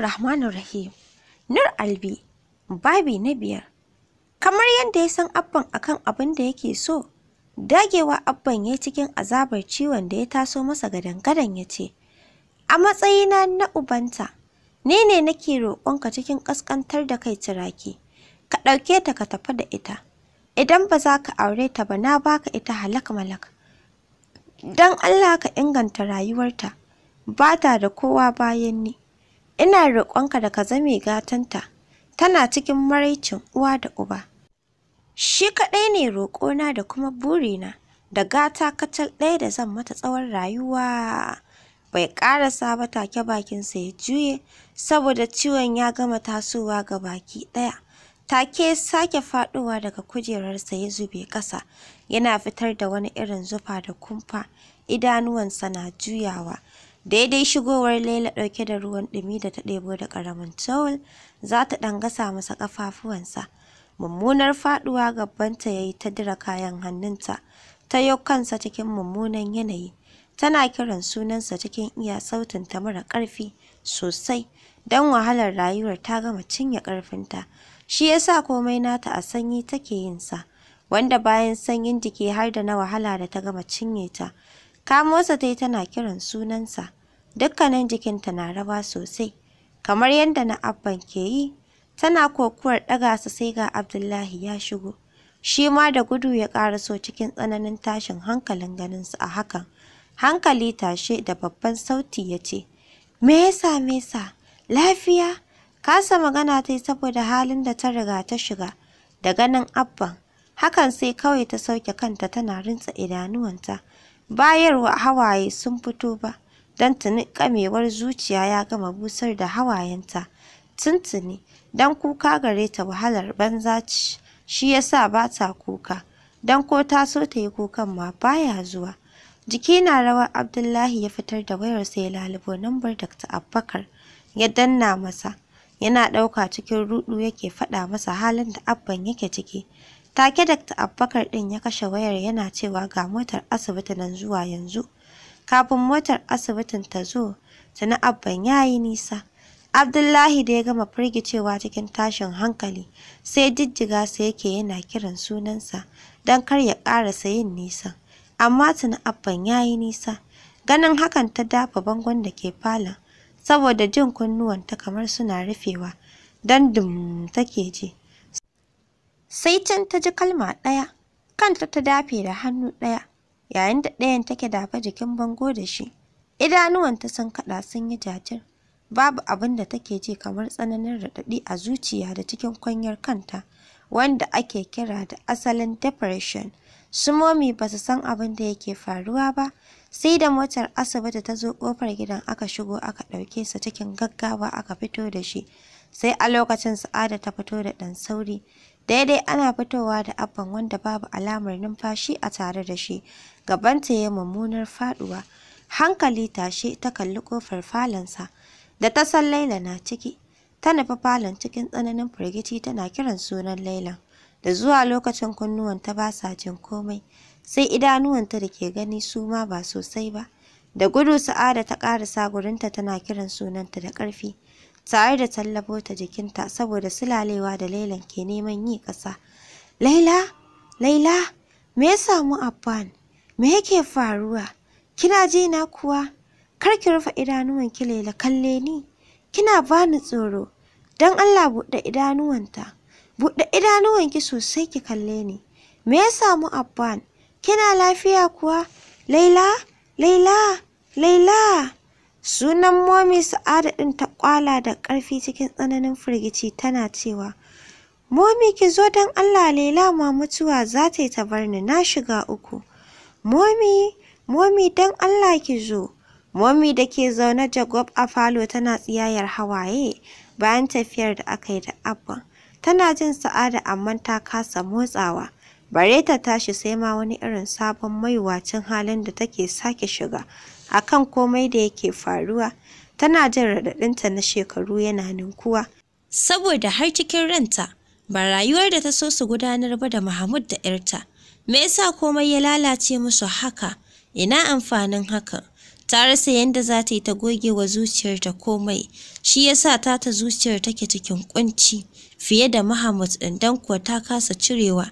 rahim Nur Albi, babi na biyar. Kamar yadda ya san abban akan abin da yake so, dagewa abban ya cikin azabar ciwon da ya taso masa gadan-gadan ya ce, A matsayina na ubanta, ne ne nake roƙonka cikin ƙasƙantar da kai tiraki ka ɗauke ta ka tafi da ita, idan ba za ka aure ta ba na baka ita halak-malak. Don Allah ka inganta rayuwarta, ba ta da kowa bayan ni. ina roƙonka da ka zame gatanta tana cikin maraicin uwa da uba shi kaɗai ne roƙona da kuma burina da gata kacal ɗaya da zan mata tsawon rayuwa bai ƙara sa ba take bakinsa ya juye saboda ciwon ya gama tasowa ga baki ɗaya take sake faɗowa daga kujerarsa ya zube ƙasa yana fitar da wani irin zufa da kumfa idanuwansa na juyawa daidai shigowar Laila ɗauke da ruwan ɗumi da ta ɗebo da ƙaramin towel za ta ɗan gasa masa ƙafafuwansa mummunar faɗuwa gabbanta ya yi ta dira kayan hannunta ta yau kansa cikin mummunan yanayi tana kiran sunansa cikin iya sautin ta mara ƙarfi sosai don wahalar rayuwar ta gama cinye ƙarfinta shi yasa komai nata a sanyi take yinsa wanda bayan sanyin jiki har da na wahala da ta gama cinye ta Kamosa ta yi tana kiran sunansa, dukkanin jikinta na raba sosai, kamar yadda na Abban ke yi, tana kokuwar ɗaga su sai ga Abdullahi ya shigo. Shi ma da gudu ya ƙara so cikin tsananin tashin hankalin ganinsu a hakan. Hankali tashe da babban sauti ya ce, Me ya same sa? Lafiya? Kasa magana ta yi saboda halin da ta riga ta shiga, da ganin Abban. Hakan sai kawai ta sauke kanta tana rintsa idanuwanta. bayarwa hawaye sun fito ba don tuni kamewar zuciya ya gama busar da hawayenta tuntuni don kuka gare ta wahalar banza ci shi yasa ba ta kuka don ko ta so ta yi kukan ma baya zuwa jiki na rawar abdullahi ya fitar da wayar sai lalubo nambar dr abbakar ya danna masa yana ɗauka cikin rudu yake faɗa masa halin da abban yake ciki Take Dr. Abubakar ɗin ya kashe wayar yana cewa ga motar asibiti nan zuwa yanzu. Kafin motar asibitin ta zo, na Abban ya yi nisa. Abdullahi da ya gama firgicewa cikin tashin hankali, sai jijjiga sa yake yana kiran sunansa don kar ya ƙarasa yin nisa. Amma tuni Abban ya yi nisa, ganin hakan ta dafa bangon da ke falon, saboda jin kunnuwanta kamar suna rufewa, don dum take ji. sai can ta ji kalma ɗaya kanta ta dafe da hannu ɗaya yayin da ɗayan take dafa jikin bango da shi idanuwanta sun kaɗa sun yi jajir babu abin da take ji kamar tsananin raɗaɗi a zuciya da cikin kwanyar kanta wanda ake kira da asalin depression su momi ba su san abin da yake faruwa ba sai da motar asibiti ta zo kofar gidan aka shigo aka ɗauke sa cikin gaggawa aka fito da shi sai a lokacin sa'ada ta fito da ɗan sauri daidai ana fitowa da abban wanda babu alamar numfashi a tare da shi gabanta ya mummunar faduwa hankali tashe ta kalli kofar falonsa da ta san laila na ciki ta nufi falon cikin tsananin firgici tana kiran sunan lailan da zuwa lokacin kunnuwanta ba sa jin komai sai idanuwanta da ke gani su ma ba sosai ba da gudu sa'ada ta ƙarasa gurinta tana kiran sunanta da ƙarfi tare da tallabo ta jikinta saboda sulalewa da Lailan ke neman yi ƙasa. Laila, Laila, me ya samu Abban? Me yake faruwa? Kina ji na kuwa? Kar ki rufe idanuwan ki Laila kalle ni. Kina bani tsoro. Dan Allah buɗe idanuwanta. Buɗe idanuwan ki sosai ki kalle ni. Me ya samu Abban? Kina lafiya kuwa? Laila, Laila, Laila. Sunan Momi Sa'ada ɗin ta ƙwala da ƙarfi cikin tsananin firgici tana cewa, Momi ki zo don Allah lela ma mutuwa za ta yi ta bar ni na shiga uku. Momi, Momi don Allah ki zo. Momi da ke zaune jagob a falo tana tsiyayar hawaye bayan tafiyar da aka yi da abban. Tana jin sa'ada amma ta kasa motsawa. Bare ta tashi sai ma wani irin sabon maiwacin halin da take sake shiga. akan komai da yake faruwa tana jin raɗaɗinta na shekaru yana ninkuwa saboda har cikin ranta ba rayuwar da ta so su gudanar ba da Mahmud da 'yarta. Me yasa komai ya lalace musu haka? Ina amfanin haka? Ta rasa yadda za ta yi ta goge wa zuciyarta komai, shi yasa ta ta zuciyar take cikin kunci fiye da Mahmud ɗin dan kuwa ta kasa cirewa.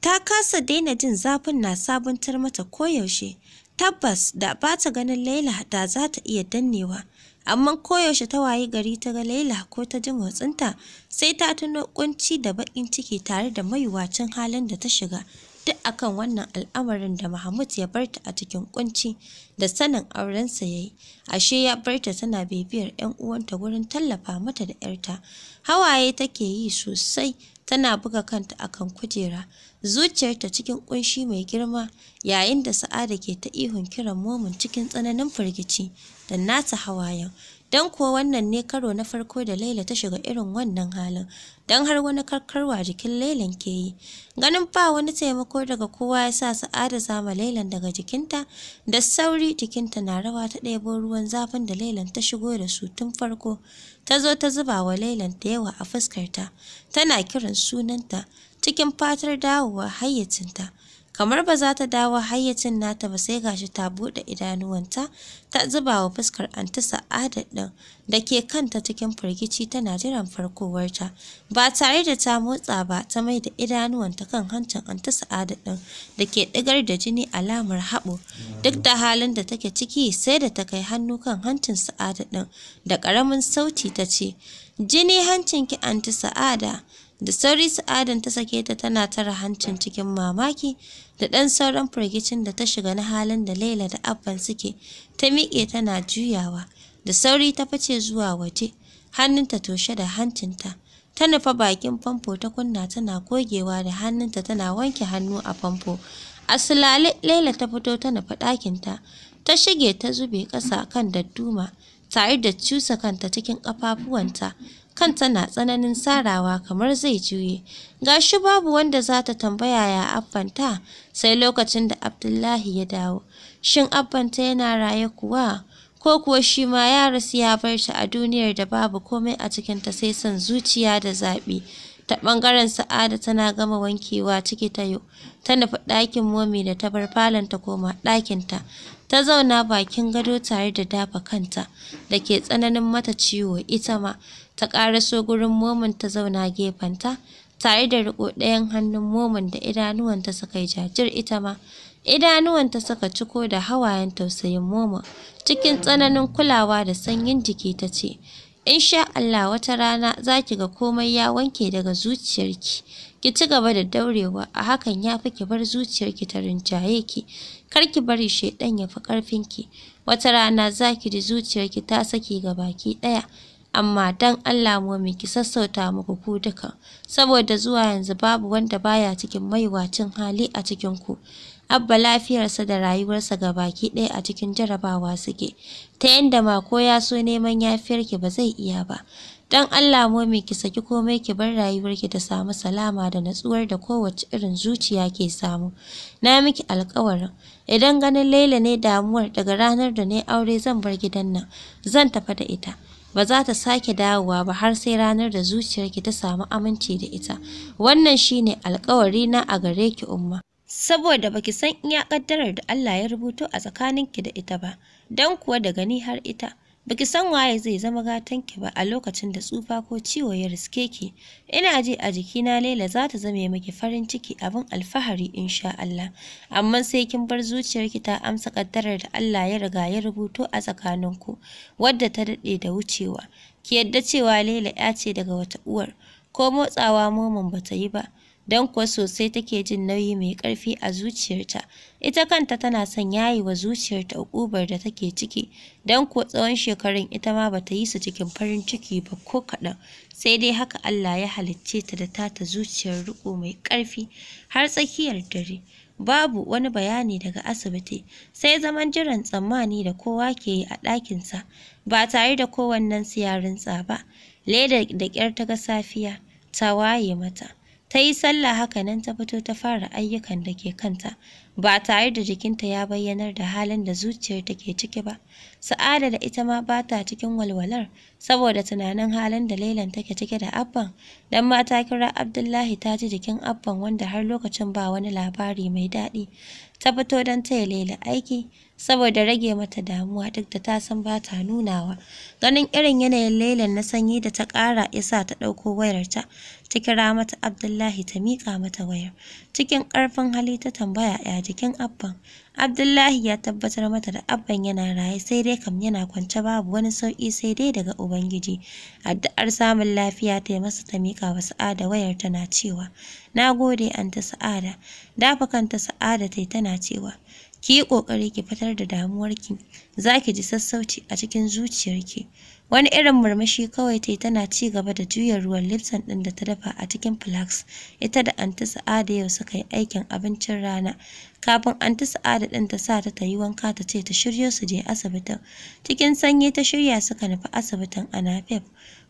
Ta kasa daina jin zafin na sabuntar mata koyaushe, Tabbas da bata ganin Laila da za ta iya dannewa, amma koyaushe ta wayi gari ta ga Laila ko ta ji motsinta sai ta tuno kunci da baƙin ciki tare da maiwacin halin da ta shiga. Duk akan wannan al'amarin da Mahmud ya barta a cikin kunci da sanin aurensa ya yi, ashe ya barta tana bibiyar 'yan uwanta wurin tallafa mata da 'yarta. Hawaye take yi sosai. tana buga kanta a kan kujera zuciyarta cikin ƙunshi mai girma yayin da sa'ada ke ta ihun kiran momin cikin tsananin firgici da nata hawayen Don kuwa wannan ne karo na farko da Laila ta shiga irin wannan halin, don har wani karkarwa jikin Lailan ke yi. Ganin ba wani taimako daga kowa ya sa Sa'ada zama Lailan daga jikinta, da sauri jikinta na rawa ta ɗebo ruwan zafin da Lailan ta shigo da su tun farko. Ta zo ta zuba wa Lailan da yawa a fuskarta, tana kiran sunanta cikin fatar dawowa hayyacinta. kamar ba za ta dawo hayyacin nata ba sai gashi ta buɗe idanuwanta ta zuba wa fuskar anti sa'adat ɗin da ke kanta cikin firgici tana jiran farkowarta ba tare da ta motsa ba ta mai da idanuwanta kan hancin anti sa'adat ɗin da ke ɗigar da jini alamar haɓo duk da halin da take ciki sai da ta kai hannu kan hancin sa'ada ɗin da ƙaramin sauti ta ce jini hancinki anti sa'ada Da sauri sa'adan ta sake ta tana tara hancin cikin mamaki da ɗan sauran firgicin da ta shiga na halin da Laila da Abban suke ta miƙe tana juyawa. Da sauri ta fice zuwa waje, hannunta toshe da hancinta. Ta nufa bakin famfo ta kunna tana gogewa da hannunta tana wanke hannu a famfo. A sulale Laila ta fito ta nufa ɗakinta. Ta shige ta zube ƙasa kan dadduma tare da cusa kanta cikin ƙafafuwanta. kanta na tsananin sarawa kamar zai juye gashi babu wanda za ta tambaya ya abbanta sai lokacin da abdullahi ya dawo shin abbanta yana raye kuwa ko kuwa shi ma ya rasu ya bar shi a duniyar da babu komai a cikinta sai son zuciya da zaɓi ta ɓangaren sa'ada tana gama wankewa ciki ta yo ta nufi ɗakin momi da ta bar falon ta koma ɗakinta Ta zauna bakin gado tare da dafa kanta da ke tsananin mata ciwo ita ma ta ƙaraso gurin momin ta zauna gefenta tare da riƙo ɗayan hannun momin da idanuwanta suka yi jajir ita ma. Idanuwanta suka ciko da hawayen tausayin momin cikin tsananin kulawa da sanyin jiki ta ce, In sha Allah wata rana za ki ga komai ya wanke daga zuciyarki. Ki ci gaba da daurewa, a hakan ya fi ki bar zuciyarki ta rinjaye ki. kar ki bari shedan ya fi ƙarfinki, wata rana za ki ji zuciyarki ta saki ga baki ɗaya. amma dan Allah mu ki sassauta muku ku duka saboda zuwa yanzu babu wanda baya cikin maiwacin hali a cikin ku abba lafiyarsa da rayuwarsa ga baki ɗaya a cikin jarabawa suke ta yanda ma ko ya so neman yafiyarki ba zai iya ba dan Allah momi ki saki komai ki bar rayuwarki ta samu salama da natsuwar da kowace irin zuciya ke samu na miki alƙawarin idan ganin Laila ne damuwar daga ranar da ne aure zan bar gidan nan zan tafi da ita ba za ta sake dawowa ba har sai ranar da zuciyarki ta samu aminci da ita wannan shine alƙawari na a gare ki umma saboda baki san iya kaddarar da Allah ya rubuto a tsakaninki da ita ba dan kuwa daga ni har ita Baki san waye zai zama gatanki ba a lokacin da tsufa ko ciwo ya riske ki. Ina ji a jikina Laila za ta zame miki farin ciki abin alfahari insha Allah. Amma sai kin bar zuciyarki ta amsa kaddarar da Allah ya riga ya rubuto a tsakaninku wadda ta dade da wucewa. Ki yadda cewa Laila ya ce daga wata uwar ko motsawa momon bata yi ba. don kuwa sosai take jin nauyi mai ƙarfi a zuciyarta. Ita kanta tana son yayi wa zuciyarta uƙubar da take ciki, don kuwa tsawon shekarun ita ma ba ta yi su cikin farin ciki ba ko kaɗan, sai dai haka Allah ya halicce ta da ta zuciyar riƙo mai ƙarfi har tsakiyar dare. Babu wani bayani daga asibiti, sai zaman jiran tsammani da kowa ke yi a ɗakinsa, ba tare da kowannen ya rintsa ba. leda da ƙyar ta ga safiya, ta waye mata. Ta yi sallah haka nan ta fito ta fara ayyukan da ke kanta, ba tare da jikinta ya bayyanar da halin da zuciyar ke ciki ba. Sa'ada da ita ma ba ta cikin walwalar, saboda tunanin halin da Lailan take cike da Abban, dan ma ta kira Abdullahi ta ji jikin Abban wanda har lokacin ba wani labari mai daɗi. Ta fito don taya Laila aiki, saboda rage mata damuwa duk da ta san ba ta nunawa. Ganin irin yanayin Lailan na sanyi da ta ƙara ya ta ɗauko wayarta, ta kira mata Abdullahi ta miƙa mata wayar. Cikin ƙarfin hali ta tambaya ya jikin Abban. Abdullahi ya tabbatar mata da Abban yana raye sai dai kam yana kwance babu wani sauƙi sai dai daga Ubangiji. Addu'ar samun lafiya ta yi masa ta miƙa wa Sa'ada wayar tana cewa, Na gode ta Sa'ada. Dafa kanta Sa'ada ta tana cewa, Ki yi ƙoƙari ki fitar da damuwarki, za ki ji sassauci a cikin zuciyarki. Wani irin murmushi kawai ta yi tana ci gaba da juya ruwan Lipton ɗin da ta dafa a cikin flask. Ita da anti Sa'ada yau suka yi aikin abincin rana. Kafin anti Sa'ada ɗin ta sa ta ta yi wanka ta ce ta shiryo su je asibitin. Cikin sanyi ta shirya suka nufi asibitin a Nafef.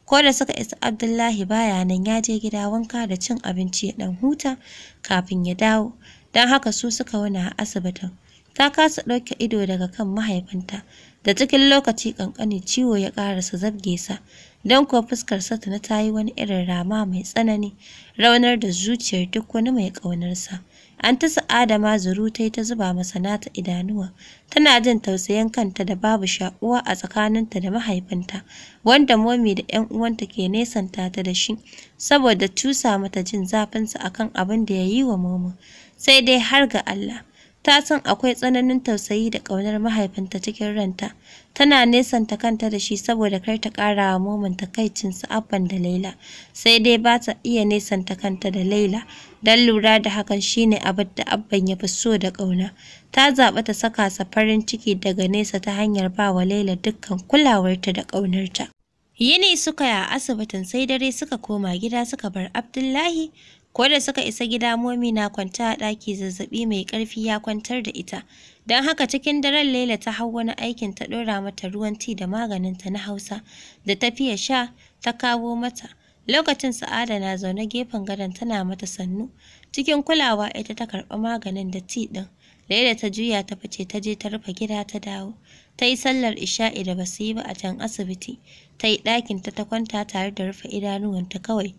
Ko da suka isa Abdullahi baya nan ya je gida wanka da cin abinci ya ɗan huta kafin ya dawo. Don haka su suka wuna a asibitin. ta kasa ɗauke ido daga kan mahaifinta da cikin lokaci ƙanƙani ciwo ya ƙarasa zabge sa don kuwa fuskar satana ta yi wani irin rama mai tsanani raunar da zuciyar duk wani mai ƙaunarsa an ta sa'ada ma zurutai ta zuba masa nata idanuwa tana jin tausayin kanta da babu shakuwa a tsakaninta da mahaifinta wanda momi da 'yan uwanta ke nesanta ta da shi saboda cusa mata jin zafinsa akan abin da ya yi wa momo sai dai har ga Allah ta san akwai tsananin tausayi da ƙaunar mahaifinta cikin ranta tana nesanta kanta da shi saboda kar ta ƙara wa momin takaicin su abban da laila sai dai ba ta iya nesanta kanta da laila don lura da hakan shine abin da abban ya fi so da ƙauna ta zaɓi ta saka sa farin ciki daga nesa ta hanyar ba wa laila dukkan kulawarta da ƙaunarta yini suka yi a asibitin sai dare suka koma gida suka bar abdullahi Ko da suka isa gida Momi na kwanta a ɗaki zazzaɓi mai ƙarfi ya kwantar da ita. Don haka cikin daren Laila ta hau wani aikin ta ɗora mata ruwan ti da maganinta na Hausa da ta fiye sha ta kawo mata. Lokacin Sa'ada na zaune gefen gadon tana mata sannu. Cikin kulawa ita ta karɓi maganin da ti ɗin. Laila ta juya ta fice ta je ta rufe gida ta dawo. Ta yi sallar isha'i da basu yi ba a can asibiti. Ta yi ɗakinta ta kwanta tare da rufe idanuwanta kawai.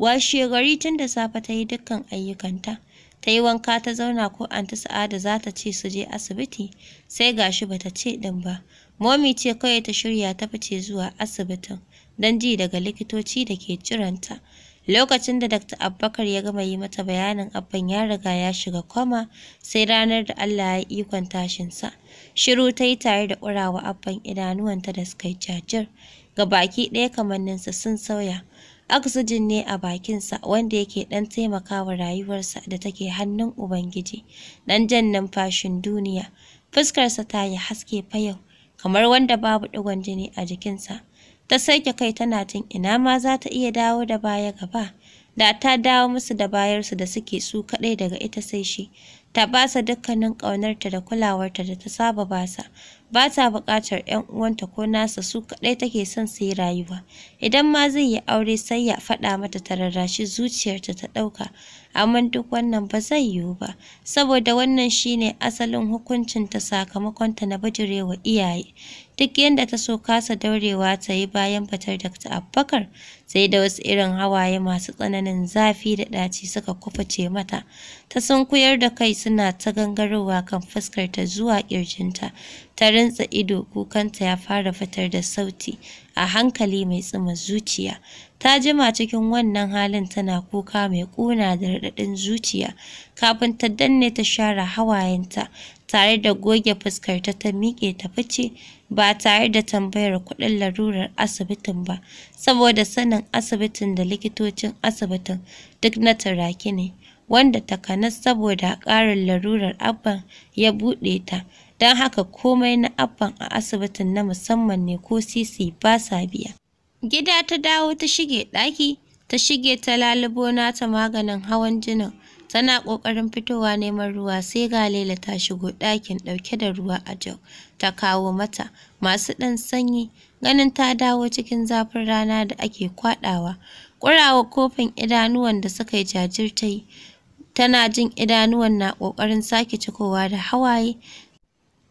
Washe gari tun da safe ta yi dukkan ayyukanta. Ta yi wanka ta zauna ko anti Sa'ada za ta ce su je asibiti, sai gashi ba ta ce din ba. Momi ce kawai ta shirya ta fice zuwa asibitin don ji daga likitoci da ke ciranta. Lokacin da Dr. Abubakar ya gama yi mata bayanin abban ya riga ya shiga kwama sai ranar da Allah ya ikon tashinsa. Shiru ta yi tare da ƙurawa abban idanuwanta da suka yi jajir. Ga baki ɗaya kamanninsa sun sauya. oxygen ne a bakinsa wanda yake ɗan taimakawa rayuwarsa da take hannun Ubangiji, ɗan jan numfashin duniya. Fuskarsa ta yi haske fayau, kamar wanda babu ɗigon jini a jikinsa. Ta sake kai tana jin ina ma za ta iya dawo da baya gaba, da ta dawo musu da bayarsu da suke su kaɗai daga ita sai shi. ta basa dukkanin ƙaunarta da kulawarta da ta saba basa ba ta buƙatar 'yan uwanta ko nasa su kaɗai take son su yi rayuwa idan ma zai yi aure sai ya faɗa mata ta rarrashi zuciyarta ta ɗauka amma duk wannan ba zai yiwu ba saboda wannan shine asalin hukuncinta sakamakonta na bijirewa iyaye duk yadda ta so kasa daurewa ta yi bayan fitar Dr. Abubakar sai da wasu irin hawaye masu tsananin zafi da ɗaci suka kuface mata ta sunkuyar da kai suna ta gangarowa kan fuskar ta zuwa ƙirjinta ta rantsa ido kukanta ya fara fitar da sauti a hankali mai tsima zuciya ta jima cikin wannan halin tana kuka mai ƙuna da raɗaɗin zuciya kafin ta danne ta share hawayenta tare da goge fuskarta ta miƙe ta fice ba tare da tambayar kuɗin larurar asibitin ba saboda sanin asibitin da likitocin asibitin duk na turaki ne wanda takanas saboda ƙarin larurar abban ya buɗe ta don haka komai na abban a asibitin na musamman ne ko sisi ba sa biya. Gida ta dawo ta shige ɗaki, ta shige ta lalubo nata maganin hawan jinin, tana ƙoƙarin fitowa neman ruwa sai ga Laila ta shigo ɗakin ɗauke da ruwa a jau, ta kawo mata masu ɗan sanyi, ganin ta dawo cikin zafin rana da ake kwaɗawa. Ƙurawa kofin idanuwan da suka yi jajir tana jin idanuwan na ƙoƙarin sake cikowa da hawaye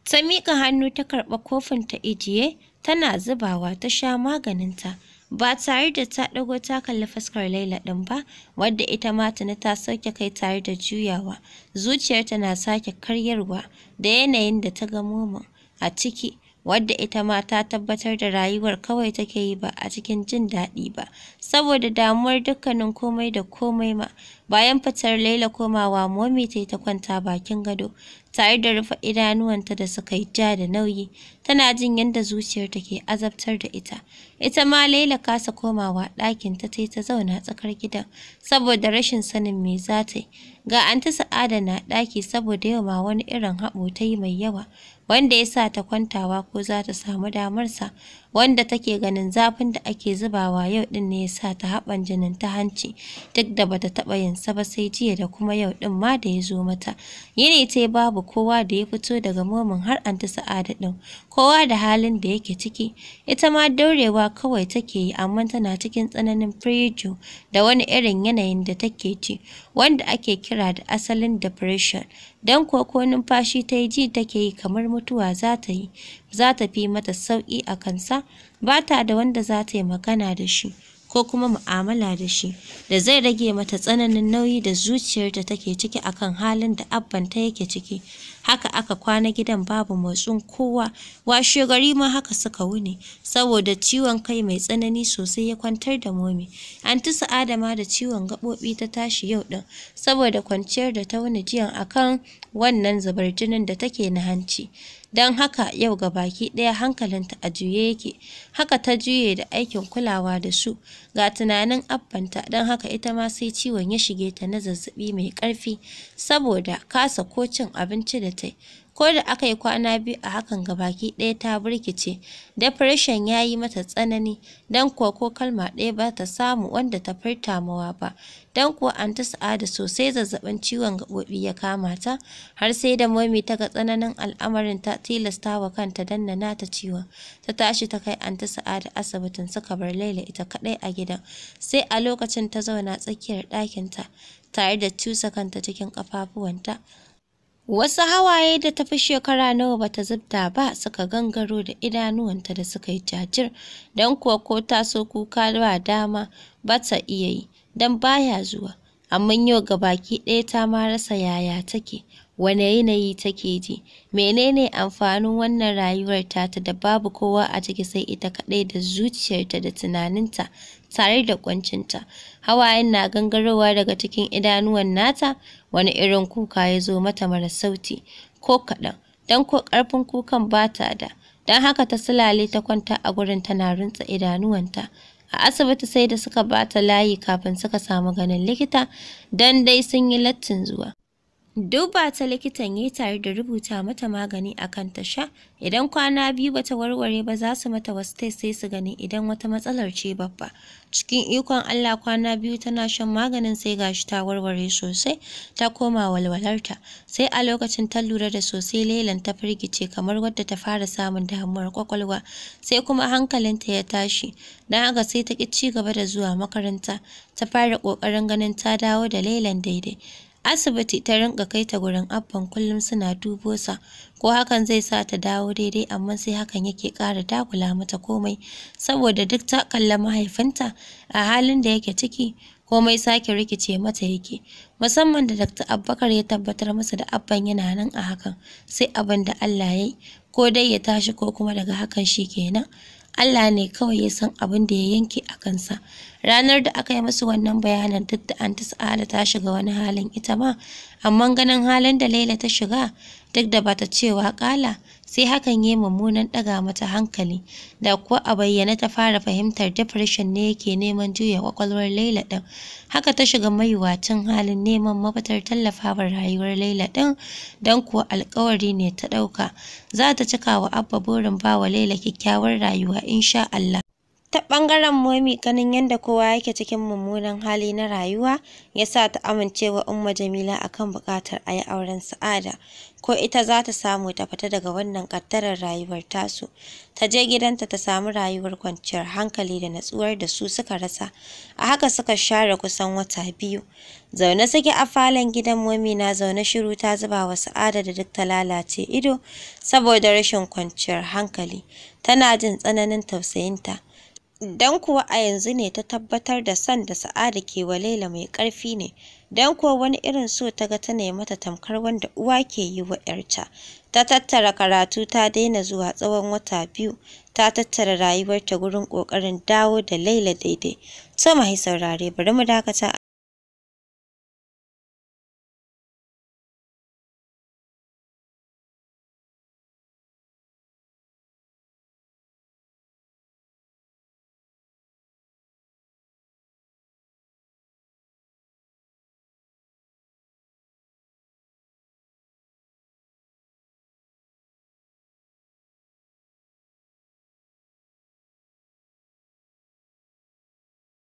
ta miƙa hannu ta karɓa kofin ta ijiye tana zubawa ta sha maganinta ba tare da ta ɗago ta kalli fuskar laila ɗin ba wadda ita ma tuni ta sauke kai tare da juyawa zuciyarta na sake karyarwa da yanayin da ta ga momo a ciki wadda ita ma ta tabbatar da rayuwar kawai take yi ba a cikin jin daɗi ba saboda damuwar dukkanin komai da komai ma bayan fitar laila komawa momi ta ta kwanta bakin gado tare da rufe idanuwanta da suka yi ja da nauyi tana jin yadda zuciyar ke azabtar da ita ita ma laila kasa komawa ɗakin ta ta ta zauna tsakar gidan saboda rashin sanin me za ta yi ga anta sa'ada na ɗaki saboda yau ma wani irin haɓo ta yi mai yawa wanda ya sa ta kwantawa ko za ta samu damarsa wanda take ganin zafin da ake zubawa yau din ne ya sa ta haɓan jinin ta hanci duk da bata taɓa sa ba sai jiya da kuma yau din ma da ya zo mata. Yini ta babu kowa da ya fito daga momin har an ta sa'ada ɗin, kowa da halin da yake ciki, ita ma daurewa kawai take yi amma tana cikin tsananin firiju da wani irin yanayin da take ci. wanda ake kira da asalin depression don kuwa ko numfashi ta yi ji take yi kamar mutuwa za ta yi za ta fi mata sauƙi a kansa ba ta da wanda za ta yi magana da shi ko kuma mu'amala da shi da zai rage mata tsananin nauyi da zuciyarta take ciki akan halin da abbanta yake ciki haka aka kwana gidan babu motsin kowa washe gari ma haka suka wuni saboda ciwon kai mai tsanani sosai ya kwantar da momi anti sa'ada ma da ciwon gaɓoɓi ta tashi yau ɗin saboda kwanciyar da ta wuni jiyan akan wannan zubar jinin da take na hanci don haka yau ga baki ɗaya hankalinta a juye yake haka ta juye da aikin kulawa da su ga tunanin abbanta don haka ita ma sai ciwon ya shige ta na zazzabi mai ƙarfi saboda kasa ko cin abinci da tai ko da aka yi kwana biyu a hakan gabaki ɗaya ta birkice depression ya yi mata tsanani don kuwa ko kalma ɗaya ba ta samu wanda ta furta mawa ba don kuwa an ta sa'ada sosai zazzaɓin ciwon gaɓoɓi ya kama ta har sai da momi ta ga tsananin al'amarin ta tilasta wa kanta danna nata ciwon ta tashi ta kai an ta sa'ada asibitin suka bar laila ita kaɗai a gidan sai a lokacin ta zauna tsakiyar ɗakinta tare da cusa kanta cikin ƙafafuwanta Wasu hawaye da ta fi shekara nawa bata zubta ba suka gangaro da idanuwanta da suka yi jajir, don kuwa ko ta so kuka ba dama ba ta iya yi, don baya zuwa. Amma yau ga baki ɗaya ta ma rasa yaya take, wane yanayi take ji, menene amfanin wannan rayuwar ta da babu kowa a ciki sai ita kaɗai da zuciyarta da tunaninta tare da kuncinta hawayen na gangarowa daga cikin idanuwan nata wani irin kuka ya zo mata mara sauti ko kaɗan don ko ƙarfin kukan ba ta da don haka ta sulale ta kwanta a gurin tana runtse idanuwanta a asibiti sai da suka ba ta layi kafin suka samu ganin likita don dai sun yi lattin zuwa Duba ta likitan yi tare da rubuta mata magani kan ta sha, idan kwana biyu bata warware ba za su mata wasu test sai su gani idan wata matsalar ce babba. Cikin ikon Allah kwana biyu tana shan maganin sai gashi ta warware sosai, ta koma walwalarta. Sai a lokacin ta lura da sosai lelan ta firgice kamar wadda ta fara samun damuwar kwakwalwa, sai kuma hankalinta ya tashi. Don haka sai ta ƙi ci gaba da zuwa makaranta, ta fara ƙoƙarin ganin ta dawo da lelan daidai. asibiti ta rinka kai ta gurin abban kullum suna dubo sa ko hakan zai sa ta dawo daidai amma sai hakan yake ƙara dagula mata komai saboda duk ta kalla mahaifinta a halin da yake ciki komai sake rikice mata yake musamman da Dr. Abubakar ya tabbatar masa da abban yana nan a hakan sai abin da Allah ya yi ko dai ya tashi ko kuma daga hakan shi kenan Allah ne kawai ya san abin da ya yanke a kansa ranar da aka yi musu wannan bayanan duk da an sa'ala ta shiga wani halin ita ma amma ganin halin da Laila ta shiga duk da bata cewa kala sai hakan ya mummunan ɗaga mata hankali da kuwa a bayyane ta fara fahimtar depression ne yake neman juya kwakwalwar Laila ɗin haka ta shiga mayuwacin halin neman mafitar tallafawar rayuwar Laila ɗin don kuwa alkawari ne ta ɗauka za ta cika wa Abba burin ba wa Laila kyakkyawar rayuwa insha Allah Ta ɓangaren Momi ganin yadda kowa yake cikin mummunan hali na rayuwa ya sa ta amincewa Umma Jamila a kan buƙatar a yi auren Sa'ada, ko ita za ta samu ta fita daga wannan ƙaddarar rayuwar tasu, ta je gidanta ta samu rayuwar kwanciyar hankali da natsuwar da su suka rasa, a haka suka share kusan wata biyu. Zaune suke a falon gidan Momi na zaune shiru ta zuba wa Sa'ada da duk ta lalace ido saboda rashin kwanciyar hankali, tana jin tsananin tausayinta. Dan kuwa a yanzu ne ta tabbatar da son da Sa'ada ke wa Laila mai ƙarfi ne, Dan kuwa wani irin so ta ga ta nemi mata tamkar wanda uwa ke yi wa ‘yarta. Ta tattara karatu ta daina zuwa tsawon wata biyu, ta tattara rayuwarta gurin ƙoƙarin dawo da Laila daidai. To mai saurare bari mu dakata